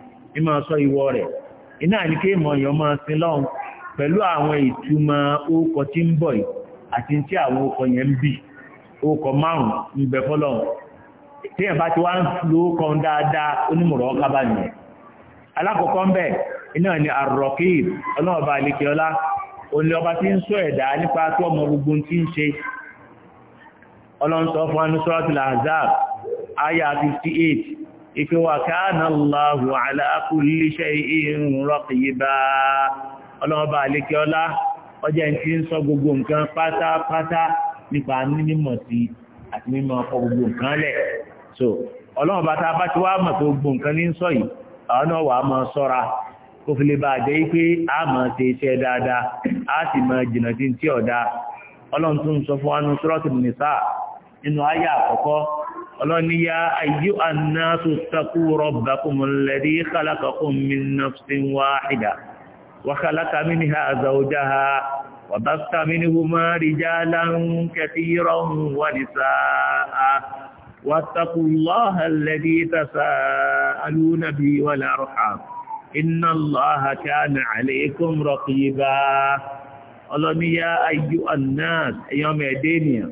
ìmọ̀ sọ ìwọ rẹ̀ iná ní kí ìmọ̀ èèyàn máa sin lọ́hùn pẹ̀lú àwọn ìtumọ̀ orúkọ tí ń bọ̀ yìí àti tí àwọn orúkọ yẹn ń bì orúkọ márùn-ún ń bẹ fọ́lọ́hùn tí ẹ̀ ti wá ń lo orúkọ dáadáa onímọ̀rọ̀ ọkà alákọ̀ọ́kọ́ bẹ̀ iná ni arrokib ọlọ́ọ̀bá alekeọlá olè ọba tí ń sọ ẹ̀dá nípa tó 58 ìpé wà káànà Allahu ala kulli shay'in raqiba ọlọ́ọ̀bá àlékẹ́ ọlá ọjọ́ ẹni ń sọ gbogbo nǹkan pátápátá nípa mímọ̀ sí àti mímọ̀ ọkọ̀ gbogbo nǹkan lẹ̀ so ọlọ́ọ̀bá tá bá ti wá mọ̀ tó gbogbo nǹkan ní sọ yìí ọ nínú ayé àkọ́kọ́ ọlọ́niyá ayú annásu takú rabbakumul ladhi khalaqakum min nafsin wahida wa khalaqa minha zawjaha wa basta minhuma rijalan kathiran wa nisaa واتقوا الله الذي تساءلون به والأرحام إن الله كان عليكم رقيبا ọlọ́ni yá ayú annáàs ẹ̀yàn mẹ́dẹ́nìyàn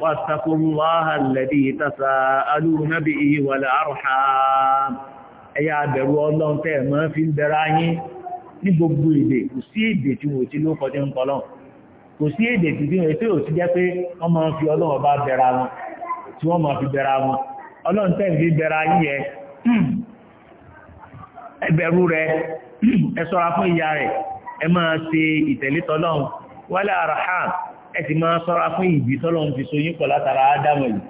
واتقوا الله الذي تساءلون به والأرحام ẹ̀yà àbẹ̀rù ọlọ́run tẹ́ mọ́ fi ń bẹ̀rẹ̀ ayín ní gbogbo èdè kò sí èdè tí wò tí ló kọjú ń pọ̀lọ́n kò sí èdè tí wọ́n tí ò sí jẹ́ pé wọ́n máa fi ọlọ́run bá bẹ̀rẹ̀ wọn tí wọ́n máa fi bẹ̀rẹ̀ wọn ọlọ́run tẹ́ fi bẹ̀rẹ̀ ayín yẹ ẹbẹ̀rù rẹ ẹ ṣọ́ra fún ìyá rẹ̀ ẹ máa ṣe ìtẹ̀lé ẹ sì máa sọ́ra fún ìbí tọ́lọ́run fi so yín pọ̀ látara ádámù yìí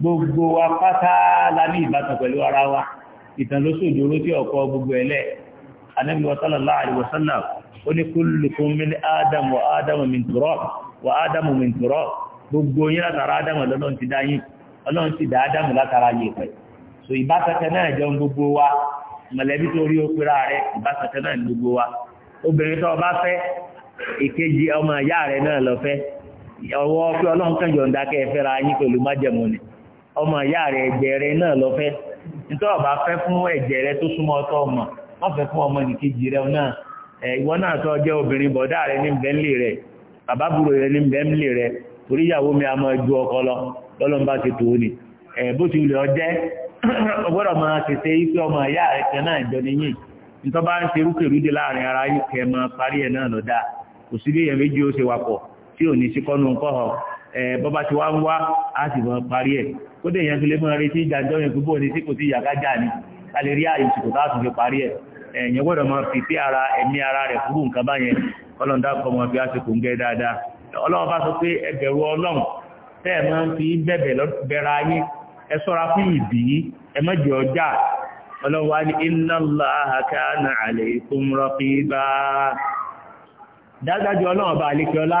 gbogbo wa pátá la ní ìbátan pẹ̀lú ara wa ìtàn ló sòjò oró tí ọ̀pọ̀ gbogbo ẹ̀ lẹ̀ anábì sallallahu alaihi wasallam ó ní kullukum min ádámù wa ádámù min turab wa ádámù min turab gbogbo yín látara ádámù wa mọ̀lẹ́bí tó rí ópera rẹ̀ ìbátan náà gbogbo wa obìnrin tó o bá fẹ́ ìkejì ọmọ ìyá rẹ̀ náà lọ fẹ́ ọwọ́ pé ọlọ́run kan yọ̀ǹda kẹ́ ẹ fẹ́ra yín pẹ̀lú májẹ̀mú ni ọmọ ìyá rẹ̀ ẹ̀jẹ̀ rẹ̀ náà lọ fẹ́ nítorí ọba fẹ́ fún ẹ̀jẹ̀ rẹ̀ tó súnmọ́ ọtọ́ ọmọ wọ́n fẹ́ fún ọmọ nìkejì rẹ̀ náà ìwọ náà tó jẹ́ obìnrin bọ̀dá rẹ̀ ní ju ọkọ lọ *clears throat* ara yìí parí ẹ̀ náà tí ò ní síkọ́nù kọ́họ̀ bọ́bá ti wá ń wá á sì mọ̀ parí ẹ̀ kó dé èèyàn fi lè mọ́ra retí ìjàjọ́ yẹn púpọ̀ ní síkò tí ìyàgá jà ní a lè rí àyè ìsìkò tá a tún fi parí ẹ̀ èèyàn gbọ́dọ̀ máa fi sí ara ẹ̀mí ara rẹ̀ kúrú nǹkan báyẹn kọ́lọ́ndà kọ́ mọ́ fi àsìkò dájájú ọlọ́run bá àlékè ọlá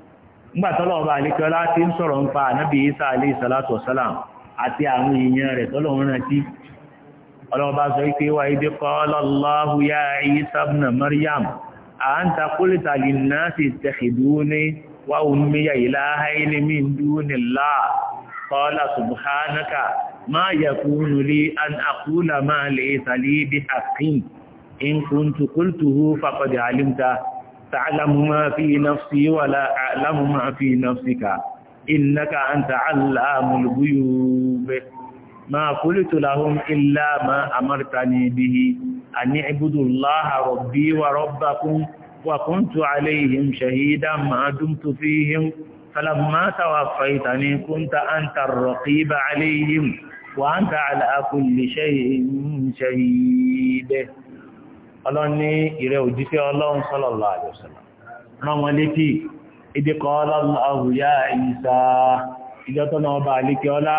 ńgbàtọ́lọ́ọ̀bà àlékọ́lá ti ń sọ̀rọ̀ ń pa ànábì isa alayhi salatu wasalam àti àwọn èèyàn rẹ̀ tọ́lọ́run rántí ọlọ́ọ̀bá sọ pé wà ibi qala Allahu ya Isa ibn Maryam a'anta qulta lin-nasi ittakhiduni wa ummiya ilahayni min dunillah qala subhanaka ma yakunu li an aqula ma laysa li bihaqqin تعلم ما في نفسي ولا أعلم ما في نفسك إنك أنت علام الغيوب ما قلت لهم إلا ما أمرتني به أن اعبدوا الله ربي وربكم وكنت عليهم شهيدا ما دمت فيهم فلما توفيتني كنت أنت الرقيب عليهم وأنت على كل شيء شهيد ọlọ́run ní ìrẹ́ òjíṣẹ́ ọlọ́run sallallahu alaihi rán wọn létí ìdíkọ̀ ọlọ́run àwùyá ìsà ìjọ tó ọba bá ọlá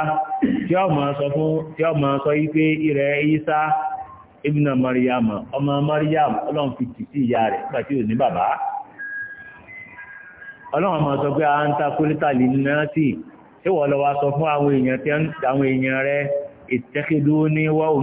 tí ọmọ sọ sọ wípé ọmọ maryam ọlọ́run fi tì sí rẹ̀ nígbà ní wọ́n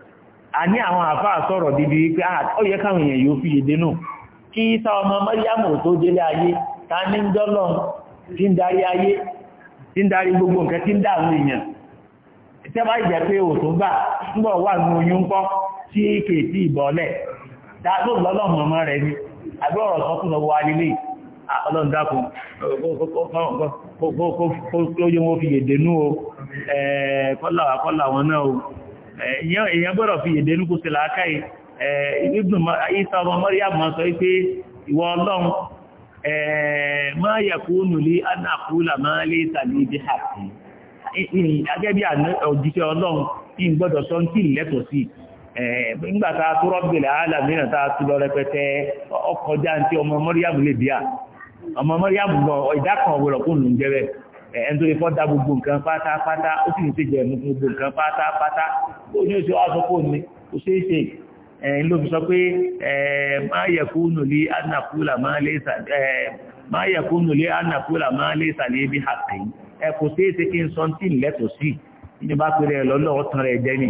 a ní àwọn àfáà sọ̀rọ̀ dídí wípé ó yẹ káwọn èèyàn yóò fi èdè nù kí sá ọmọ mọ́ríyàmù tó délé ayé ta ní ń dọ́lọ̀ tí ń darí ayé tí ń darí gbogbo nǹkan tí ń dà èèyàn tẹ́ èèyàn eh, gbọ́dọ̀ fi èdè nukú sí làákàyè eh, ìsà ọmọ Maryam mọ́ sọ wípé ìwọ ọlọ́run máa yẹ̀kú nùlé anáàkúlà máa lé tàbí ibi àti agẹ́bí òjíṣẹ́ ọlọ́run tí ń gbọ́dọ̀ sọ tí ìlẹ́tọ̀ sí eh, nígbàtà tó alàmìnà tá a tún lọ rẹpẹtẹ ọmọ lè ẹ̀ẹ́n tó lè fọ́ta gbogbo nǹkan pátápátá ó sì ń ṣe jẹ̀mú gbogbo nǹkan pátápátá ó ní oṣù ọ̀sọ́pọ̀ ni ó ṣe é ṣe ẹ̀ẹ́n ló fi sọ pé máa yakunu li máa lé ìsàlẹ̀ ibi àtẹ̀ kí n sọ tí ń lẹ́tọ̀ sí bá rẹ̀ jẹ́ ni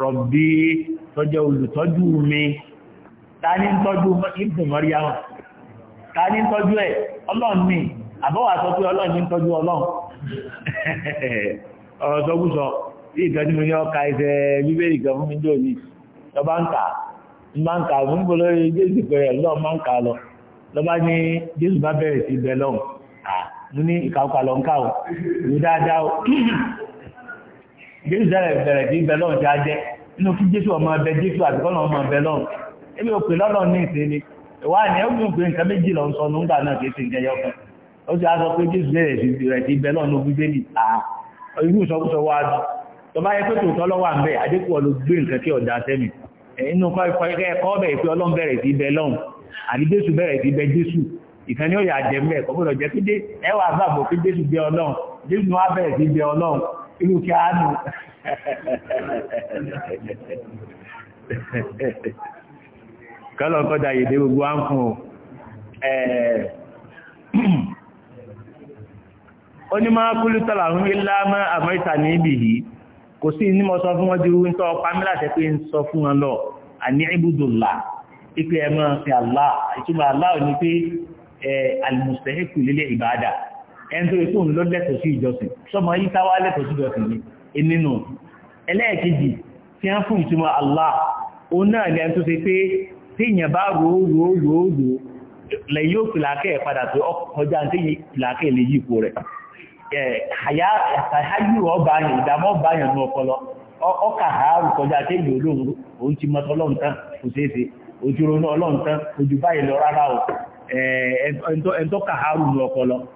rọ̀bí tọ́jẹ́ olùtọ́jú mi ta ní tọ́jú Ibn Maryam ta ní tọ́jú ẹ̀ ọlọ́run mi àbọ́wà sọ pé ọlọ́run ní tọ́jú ọlọ́run *laughs* ọ̀rọ̀ sọgúsọ tí ìtọ́jú mi ní ọkà ẹsẹ̀ bíbélì kan fún mi jò ní lọ́bá ń kà má ń kà fún gbọ́lọ́ jésù pẹ̀rẹ̀ lọ́ọ̀ má ń kà lọ lọ́bá ní jésù bá bẹ̀rẹ̀ sí bẹ̀ lọ́hùn mo ní ìkàkà lọ́nkà ò ní dáadáa *clears throat* jésù sẹ́rẹ̀ bẹ̀rẹ̀ bí bẹ̀lọ́n ti ajẹ́ inú kí jésù ọmọ ọbẹ̀ jésù àtìkọ́nà ọmọ bẹ̀lọ́n ebi òpè lọ́lọ́ ní ìsinmi wà ní ẹgbùn pé nǹkan méjì lọ sọ nígbà náà kìí ti ń jẹyọ kan ó sì á sọ pé jésù bẹ̀rẹ̀ sí rẹ̀ ti bẹ̀lọ́n ló gbígbé ní ta irú ìsọkúsọ wa dùn tó bá yẹ pé tòótọ́ lọ́wọ́ àmì àdékù ọ ló gbé nǹkan kí ọ̀dà sẹ́mi inú kọ́ bẹ̀rẹ̀ pé ọlọ́run bẹ̀rẹ̀ sí bẹ̀lọ́n àbí jésù bẹ̀rẹ̀ sí bẹ jésù ìkan ni ó yà jẹ́ mẹ́ẹ̀kọ́ gbọ́dọ̀ jẹ́ pé ẹwà àbàbò pé jésù bẹ ọlọ́run irú kí á nù kọ́lọ̀ kọ́dà yìí gbogbo á ń fún o ó ní tọ́lá ń rí lámọ́ àmọ́ríta ní ibì yìí kò sí ní mọ́ sọ fún wọn dirú ń tọ́ tẹ́ pé ń sọ fún wọn lọ àní ibùdóòlà ipe ẹ̀mọ́ sí Allah ìtumọ̀ ní pé ẹni ji yẹ kó ń lọ lẹ́tọ̀ọ́ sí ìjọsìn sọmọ yìí táwa lẹ́tọ̀ọ́ sí ìjọsìn ni ẹnìnú ẹlẹ́ẹ̀kejì tí a fún ìtumọ̀ Allah ó náà ní tó ṣe pé téèyàn bá rò padà ọkọjá ní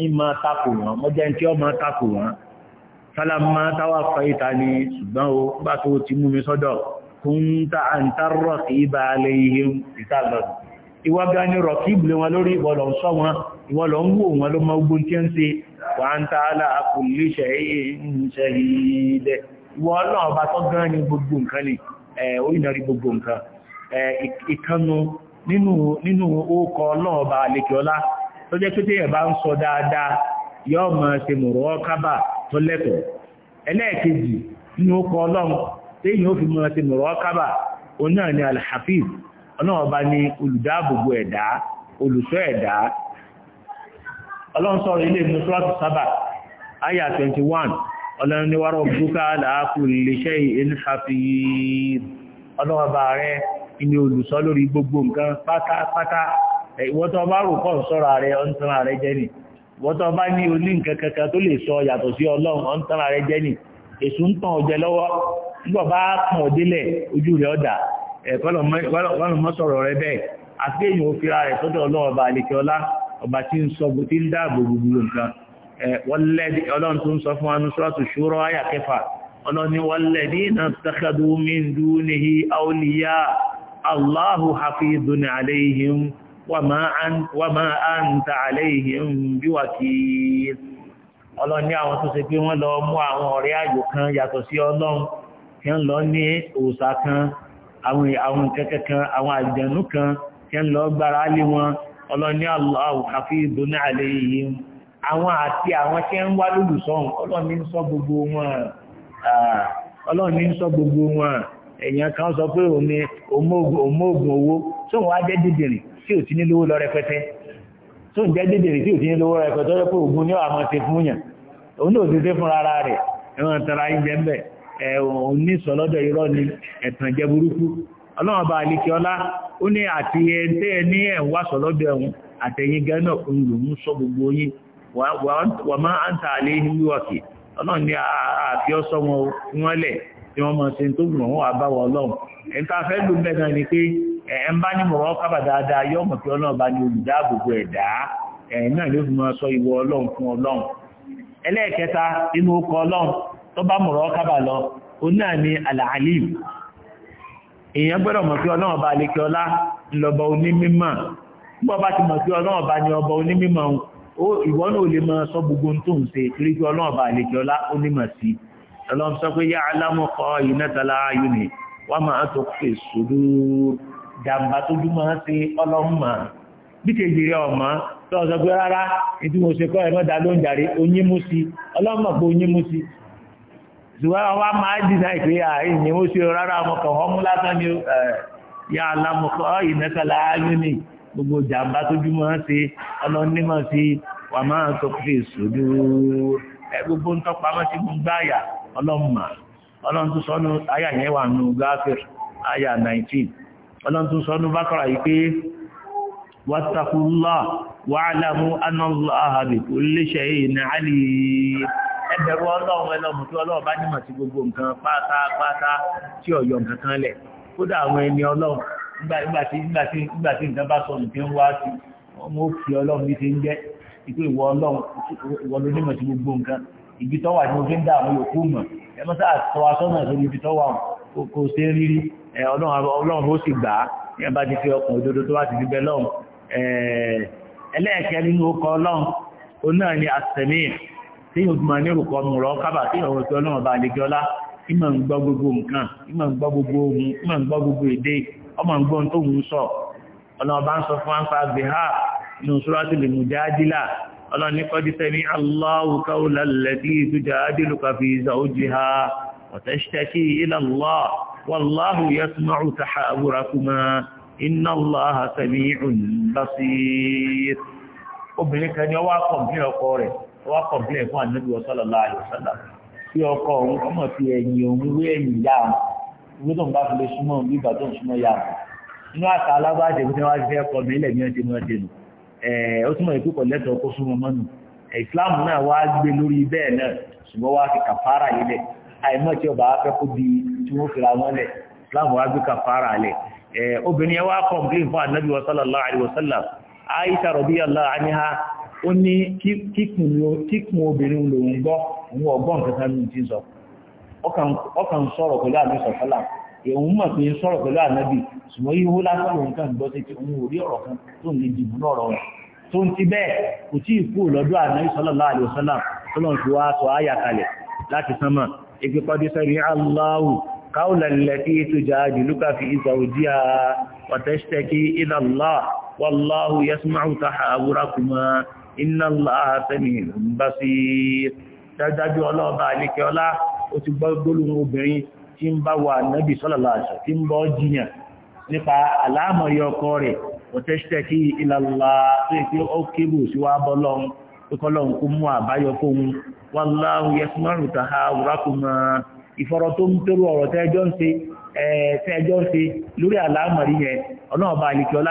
ìmọ̀ takò wọn mọ́ jẹ́ tí ọmọ takò wọn sálámà táwà fàyíta ni ṣùgbọ́n o bá tó ti mú mi sọ́dọ̀ fún ta àǹtárọ̀ sí ibà alẹ́ ihe ìsàlọ̀ ìwọ́ bí a ní rọ̀ kí ìbìlẹ̀ wọn lórí ìwọ̀lọ̀ ń sọ wọn ìwọ̀lọ̀ ń wò wọn ló mọ tó jẹ́ pé téèyàn bá ń sọ dáadáa yóò máa ṣe mọ̀rọ̀ kábà tó lẹ́tọ̀ọ́ ẹlẹ́ẹ̀kejì nínú kọ ọlọ́run téèyàn ó fi máa ṣe mọ̀rọ̀ kábà òun náà ni alhafiz ọlọ́run ni ẹ̀dá ní ìwọ́n tó bá rò kọ́ sọ́ra rẹ̀ ọ́n tán ara rẹ̀ jẹ́ nì ìwọ́n tó bá ní olí nǹkan kankan tó lè sọ yàtọ̀ sí ọlọ́run ọ́n tán ara rẹ̀ jẹ́ nì èṣù ń tàn ọ̀jẹ̀ lọ́wọ́ nígbà kàn délẹ̀ ojú rẹ̀ ọ̀dà ẹ̀kọ́lọ̀ rẹ̀ bẹ́ẹ̀ wàmá àǹtà àlẹ́yìn bí wàkìí ọlọ́run ní àwọn tó ṣe pé wọ́n lọ mú àwọn ọ̀rẹ́ àjò kan yàtọ̀ sí ọlọ́run tí ń lọ ní òòṣà kan àwọn àwọn kẹ́kẹ́ kan àwọn àjẹ̀nú kan tí ń lọ gbára lé wọn ọlọ́run ní Allahu èèyàn kan sọ pé òun òmóògùn owó tóun wá jẹ́ dídìrín tí ò ti ní lówó lọ rẹpẹtẹ tó ń jẹ́ dédèrè tí ò ti ní lówó rẹpẹtẹ rẹpẹ ògùn ní àmọ́ ti fún yàn òun náà ti dé fún ara rẹ̀ ẹ̀wọ̀n tara ìjẹ́ mbẹ̀ ẹ̀wọ̀n ní sọ̀lọ́dọ̀ irọ́ ni ẹ̀tàn jẹ́ burúkú ọlọ́run bá alẹ́ kí ọlá ó ní àti ẹ̀ńtẹ́ ní ẹ̀wà sọ̀lọ́dọ̀ ẹ̀wọ̀n àtẹ̀yìn tí wọ́n mọ̀ sí tó gbùn wọ́n àbáwọ̀ ọlọ́run ẹ̀ta fẹ́ ló mẹ́ta ni pé ẹ̀ ń bá ní mọ̀rọ̀ kábà dáadáa yọ mọ̀ pé ọlọ́run bá ní olùdáàbòbò ẹ̀dá ẹ̀ náà ló fi máa sọ ìwọ ọlọ́run fún ọlọ́run ẹlẹ́ẹ̀kẹta nínú ọkọ̀ ọlọ́run tó bá mọ̀rọ̀ kábà lọ òun náà ni alàálìm èèyàn gbọ́dọ̀ mọ̀ kí ti mọ̀ pé ọlọ́run bá ní ọba onímímọ̀ ìwọ náà lè máa sọ gbogbo ohun tó ọlọ́run sọ pé yá alámọ̀kọ́ ìnátàlá ayúni wọ́n máa tó pè sódú dàmbà tó dúmọ̀ sí ọlọ́mà bí kejìrì ọmọ tó ọ̀sọ̀ pé rárá ìdí mo ṣe kọ́ ẹ̀ mọ́ta ló ń jàre oyin mú sí ọlọ́mà pé oyin mú sí ṣùgbọ́n wa máa dìnnà ìpè àìyìn ó ṣe rárá ọmọkàn ọmú lásán ni yá alámọ̀kọ́ ìnátàlá ayúni gbogbo dàmbà tó dúmọ̀ sí ọlọ́nímọ̀ sí wọ́n máa tó pè sódú gbogbo ń tọ́pa mọ́ sí gbogbo àyà ọlọ́mà ọlọ́run tún sọ́nù yẹn wà 19 ọlọ́run tún sọ́nù bákọ̀rà yìí pé wàtàkùnlá wa'lamu anna Allaha bi kulli shay'in alim ẹbẹ̀rù ọlọ́run ẹlọ́mù tí ìpé ìwọ ọlọ́run ìwọ ló nímọ̀ sí gbogbo nǹkan ibi tó wà ní mo fi ń dààmú yòókù mọ̀ ẹ mọ́ sáà tọ́ asọ́nà sórí ibi tó wà kò ṣe ń rírí ọlọ́run ó sì gbà á ní ẹ̀bá ti fi ọkàn òdodo tó wá ti fi lọ́run ni àtẹ̀mí tí yóò fi máa ní orúkọ ọmọ rọ kábà tí ọ̀rọ̀ tí ọlọ́run bá lè jọ lá ìmọ̀ ń gbọ́ gbogbo nǹkan tó ń sọ ọlọ́run bá ń sọ fún wa ń inú suratul mujadila ọlọ́ni qad sami'a Allahu qawla allati tujadiluka fi zawjiha wa tashtaki ila Allah wallahu yasma'u tahawurakuma inna Allaha sami'un basir obìnrin kan ni ọwọ́ akọ̀bìnrin ọkọ rẹ̀ ọwọ́ akọ̀bìnrin fún ànábì sallallahu alaihi wasallam tí ọkọ òun ọmọ fi ẹ̀yìn òun wé ẹ̀yìn yá òun ìwé tó ń bá fi lè súnmọ́ òun ó túnmọ̀ ìpé kọ̀ lẹ́tọ̀ọ́ kó súnmọ́ mọ́nù ìsìláàmù náà wá gbé lórí bẹ́ẹ̀ náà ṣùgbọ́n wá fi kàfàrà yìí lẹ̀ àìmọ́ tí ọba afẹ́ kó di tí wọ́n fira wọn lẹ̀ ìsìláàmù wá gbé kàfàrà lẹ̀ obìnrin yẹn wá kọ̀m̀plín fún ànábì sallallahu alaihi wasallam Aisha radiyallahu anha ó ní kíkùn obìnrin lòun gbọ́ òun ọgbọ́n kankan ní ti sọ ọkàn sọ̀rọ̀ pẹ̀lú àmì sọ̀tọ́là òun mọ̀ pé sọ̀rọ̀ pẹ̀lú ànábì ṣùgbọ́n yíwó lásán òun kàn gbọ́ sétí òun ò rí ọ̀rọ̀ kan tó ń lè jìbù lọ́rọ̀ rẹ̀ tó ń ti bẹ́ẹ̀ kò tí ì kú lọ́dọ̀ ànábì sallallahu alaihi wasallam tó lọ́n fi wá sọ áyà kalẹ̀ láti sánmà èpè pàdé sẹ́rí Allahu qawla allati tujadiluka fi zawjiha wa tashtaki ila Allah wallahu yasma'u tahawurakuma inna Allaha sami'un basir dájú ọlọ́ọ̀bá àlékẹ́ ọlá ó ti gbọ́ obìnrin tí ń bá wà nábì sallallahu alaihi wasallam tí ń bọ́ jiyàn nípa àlámọ̀yọ ọkọ rẹ̀ ọ̀tẹ́ṣẹ́ kí ìlàlá tó yẹ kí ó kébù sí wá bọ́ lọ́hún pẹ́kọ́ lọ́hún kó mú àbáyọ fóun wallahu yasma'u tahawurakuma ìfọ̀rọ̀ tó ń tẹ́rù ọ̀rọ̀ tẹ́ẹjọ́ ń ṣe tẹ́ẹjọ́ ń bá àlekí ọlá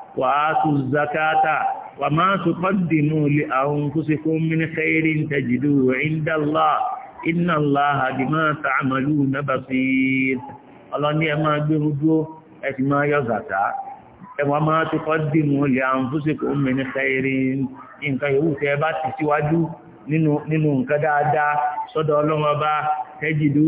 wà á tún zakata wà máa tún kọ́dìmú lè àwọn kúsí fún mini kairin tajidu indala iná láha di máa ta àmàlú na basir ọlọ́ni ẹ máa gbé rúdó ẹ ti máa yọ zaka ẹ wà máa tún kọ́dìmú lè àwọn kúsí fún mini kairin nǹkan yòówù tẹ́ bá ti síwájú nínú nǹkan dáadáa sọ́dọ̀ ọlọ́run ọba tajidu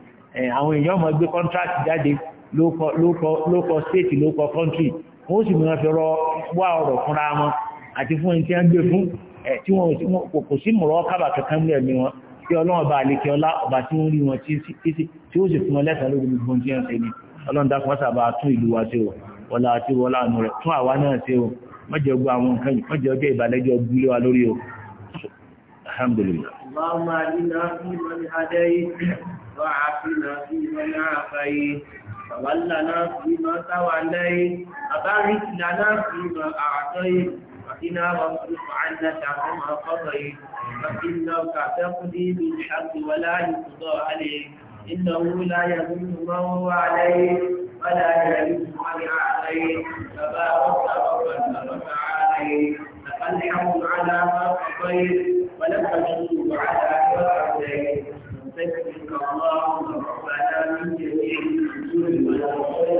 Eh, àwọn èèyàn máa gbé contract jáde lókọ state lókọ country wọ́n sì máa fi rọ wá ọ̀rọ̀ fúnra wọn àti fún ẹni tí wọ́n gbé fún ẹ̀ eh, tí wọ́n kò sí mọ̀rọ̀ kábà kankan ní ẹ̀mí wọn tí ọlọ́run bá àlekè ọlá ọba tí wọ́n rí fún wọn lẹ́sàn lórí gbogbo tí wọ́n ọlọ́run اللهم اهدنا فيمن هديت وعافنا فيمن عافيت تولنا فيما توليت وبارك لنا فيما أعطيت وقنا واصرف عنا شر ما قضيت فإنك تقضي بالحق ولا يقضى عليك إنه لا يذل من هو عليه ولا يذل من عليك تبارك ربنا وتعالى الحمد على ما قضيت ولك الشكر على ما أعطيت نستغفرك اللهم ربنا من جميع الذنوب والخطايا